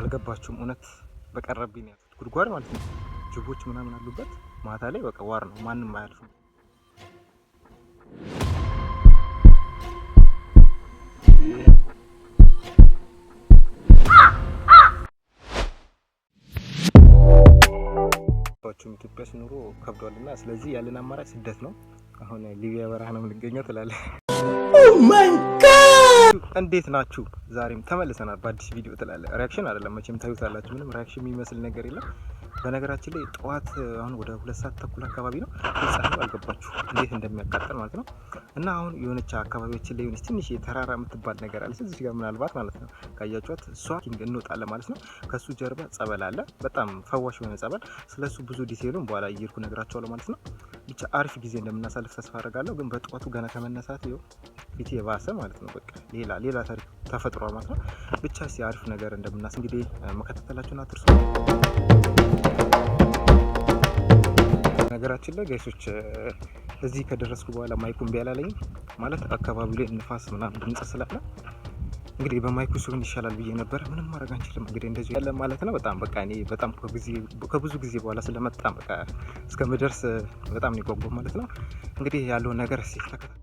አልገባችሁም። እውነት በቀረብኝ ያሉት ጉድጓድ ማለት ነው። ጅቦች ምናምን አሉበት። ማታ ላይ በቃ ዋር ነው፣ ማንም አያልፍም። ኢትዮጵያ ሲኖሩ ከብዷል እና ስለዚህ ያለን አማራጭ ስደት ነው። አሁን ሊቢያ በረሃ ነው የምንገኘው ትላለህ። oh እንዴት ናችሁ? ዛሬም ተመልሰናል በአዲስ ቪዲዮ ትላለ። ሪያክሽን አይደለም መቼም ታዩታላችሁ። ምንም ሪያክሽን የሚመስል ነገር የለም። በነገራችን ላይ ጠዋት አሁን ወደ ሁለት ሰዓት ተኩል አካባቢ ነው ጻፉ። አልገባችሁ እንዴት እንደሚያቃጠል ማለት ነው። እና አሁን የሆነች አካባቢዎችን ላይ የሆነች ትንሽ የተራራ የምትባል ነገር አለች እዚህ ጋር ምናልባት ማለት ነው ካያችኋት፣ እሷ ኪንግ እንወጣለን ማለት ነው። ከእሱ ጀርባ ጸበል አለ፣ በጣም ፈዋሽ የሆነ ጸበል። ስለሱ ብዙ ዲቴይሉን በኋላ እየሄድኩ ነግራቸዋለሁ ማለት ነው። ብቻ አሪፍ ጊዜ እንደምናሳልፍ ተስፋ አደርጋለሁ። ግን በጠዋቱ ገና ከመነሳት ይኸው ፊት የባሰ ማለት ነው። በቃ ሌላ ሌላ ታሪክ ማለት ነው። ብቻ እስኪ አሪፍ ነገር እንደምናስ እንግዲህ መከታተላችሁን አትርሱ። ነገራችን ላይ ጋይሶች እዚህ ከደረስኩ በኋላ ማይኩም ቢያላለኝ ማለት አካባቢ ላይ ንፋስ ምናምን ድምጽ ስላለ እንግዲህ በማይኩ ይሻላል ብዬ ነበር። ምንም ማድረግ አንችልም። እንግዲህ እንደዚህ ያለ ማለት ነው። በጣም በቃ እኔ በጣም ከብዙ ጊዜ በኋላ ስለመጣ በቃ እስከምደርስ በጣም ነው ማለት ነው። እንግዲህ ያለውን ነገር ሲስተካከል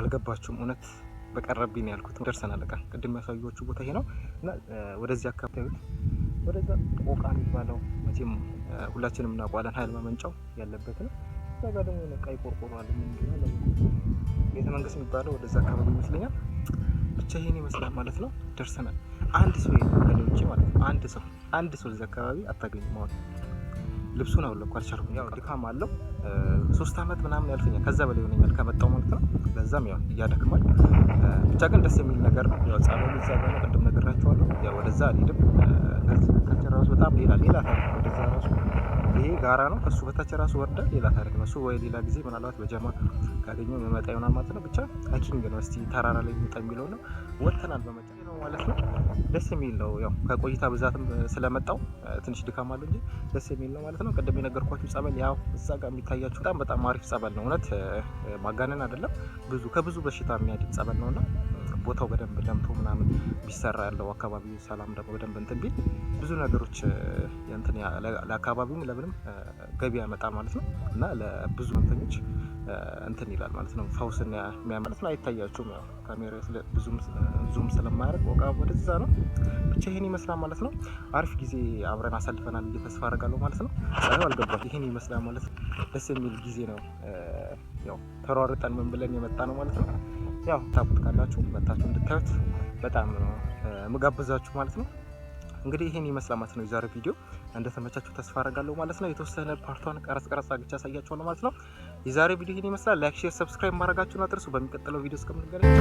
አልገባችሁም እውነት በቀረብኝ ያልኩት ደርሰናል። በቃ ቅድም ያሳዩዎቹ ቦታ ይሄ ነው እና ወደዚህ አካባቢ ወደዛ ቆቃ የሚባለው መቼም ሁላችንም እናውቀዋለን። ኃይል ማመንጫው ያለበት ነው። እዛ ጋር ደግሞ ቀይ ቆርቆሮ አለ። ቤተ መንግስት የሚባለው ወደዛ አካባቢ ይመስለኛል። ብቻ ይሄን ይመስላል ማለት ነው። ደርሰናል። አንድ ሰው ከሌ ማለት ነው። አንድ ሰው አንድ ሰው እዛ አካባቢ አታገኝም ማለት ነው። ልብሱን አውለኩ አልቻልኩም። ያው ድካም አለው። ሶስት አመት ምናምን ያልፈኛል ከዛ በላይ ይሆነኛል ከመጣው ማለት ነው። ለዛም ያው እያደክማል። ብቻ ግን ደስ የሚል ነገር ነው። ያው ጻኑ ልዛ ጋር ቅድም ነግራቸዋለሁ። ያው ወደዛ አልሄድም። ከዚህ ከቸራውስ በጣም ሌላ ሌላ ወደዛ ራሱ ይሄ ጋራ ነው። ከሱ በታች ራሱ ወርዳል ሌላ ታሪክ ነው እሱ። ወይ ሌላ ጊዜ ምናልባት በጀማ ካገኘው የመጣ ይሆናል ማለት ነው። ብቻ ሀኪንግ ነው። እስቲ ተራራ ላይ የሚወጣ የሚለው ነው። ወጥተናል በመጫ ነው ማለት ነው። ደስ የሚል ነው። ያው ከቆይታ ብዛትም ስለመጣው ትንሽ ድካም አለ እንጂ ደስ የሚል ነው ማለት ነው። ቅድም የነገርኳችሁ ጸበል፣ ያው እዛ ጋር የሚታያችሁ በጣም በጣም አሪፍ ጸበል ነው። እውነት ማጋነን አይደለም። ብዙ ከብዙ በሽታ የሚያድን ጸበል ነውና ቦታው በደንብ ለምቶ ምናምን ቢሰራ ያለው አካባቢ ሰላም ደግሞ በደንብ እንትን ቢል ብዙ ነገሮች እንትን ለአካባቢውም ለምንም ገቢ ያመጣል ማለት ነው እና ለብዙ መንተኞች እንትን ይላል ማለት ነው። ፈውስን የሚያመለት ነው። አይታያቸውም ያው ካሜራ ዙም ስለማያደርግ ወቃ ወደዛ ነው። ብቻ ይህን ይመስላል ማለት ነው። አሪፍ ጊዜ አብረን አሳልፈናል እየተስፋ ተስፋ አደርጋለሁ ማለት ነው። አልገባም። ይህን ይመስላል ማለት ነው። ደስ የሚል ጊዜ ነው። ያው ተሯርጠን ምን ብለን የመጣ ነው ማለት ነው። ያው ታቡት ካላችሁ መታችሁ እንድታዩት በጣም ነው ምጋብዛችሁ ማለት ነው። እንግዲህ ይህን ይመስላል ማለት ነው የዛሬ ቪዲዮ እንደተመቻችሁ ተስፋ አደርጋለሁ ማለት ነው። የተወሰነ ፓርቷን ቀረጽ ቀረጽ አግቻ ያሳያችኋለሁ ማለት ነው። የዛሬው ቪዲዮ ይህን ይመስላል። ላይክ፣ ሼር፣ ሰብስክራይብ ማድረጋችሁን አትርሱ። በሚቀጥለው ቪዲዮ እስከምንገናኝ